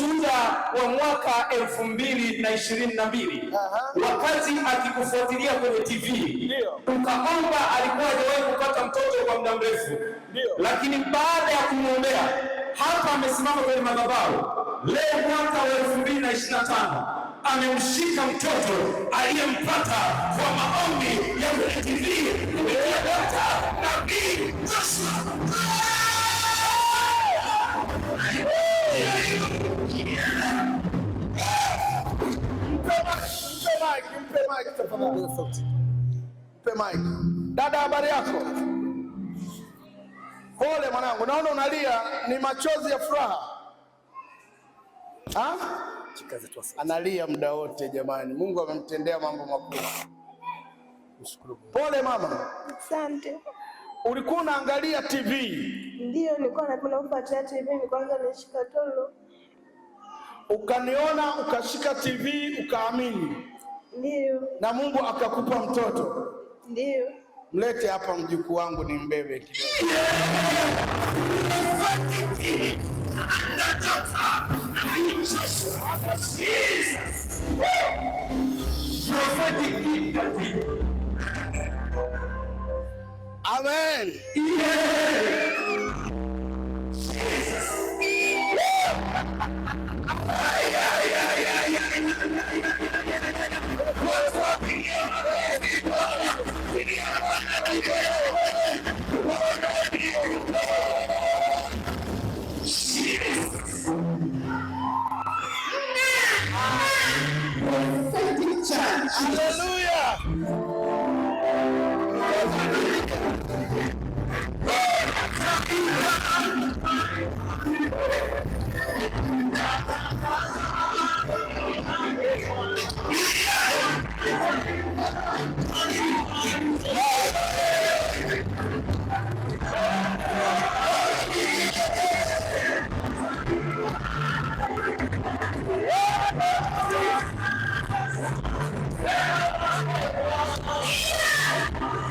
Shuja wa mwaka elfu mbili na ishirini na mbili wakati akikufuatilia kwenye TV ukaomba, alikuwa hajawahi kupata mtoto kwa muda mrefu, lakini baada ya kumwombea hapa amesimama kwenye madhabahu leo mwaka wa elfu mbili na ishirini na tano amemshika mtoto aliyempata kwa maombi ya kwenye TV kupitia Dokta Nabii Joshua. Mpe mic. Dada, habari yako? Pole mwanangu, naona unalia, ni machozi ya furaha ha? Analia muda wote jamani, Mungu amemtendea mambo makubwa. Pole mama. Asante. Ulikuwa unaangalia TV? Ndio, nilikuwa nafuatilia TV, nilikuwa nashika tolo ukaniona ukashika TV ukaamini, ndio, na Mungu akakupa mtoto, ndio. Mlete hapa mjukuu wangu ni mbebe Amen. Yeah. Hallelujah!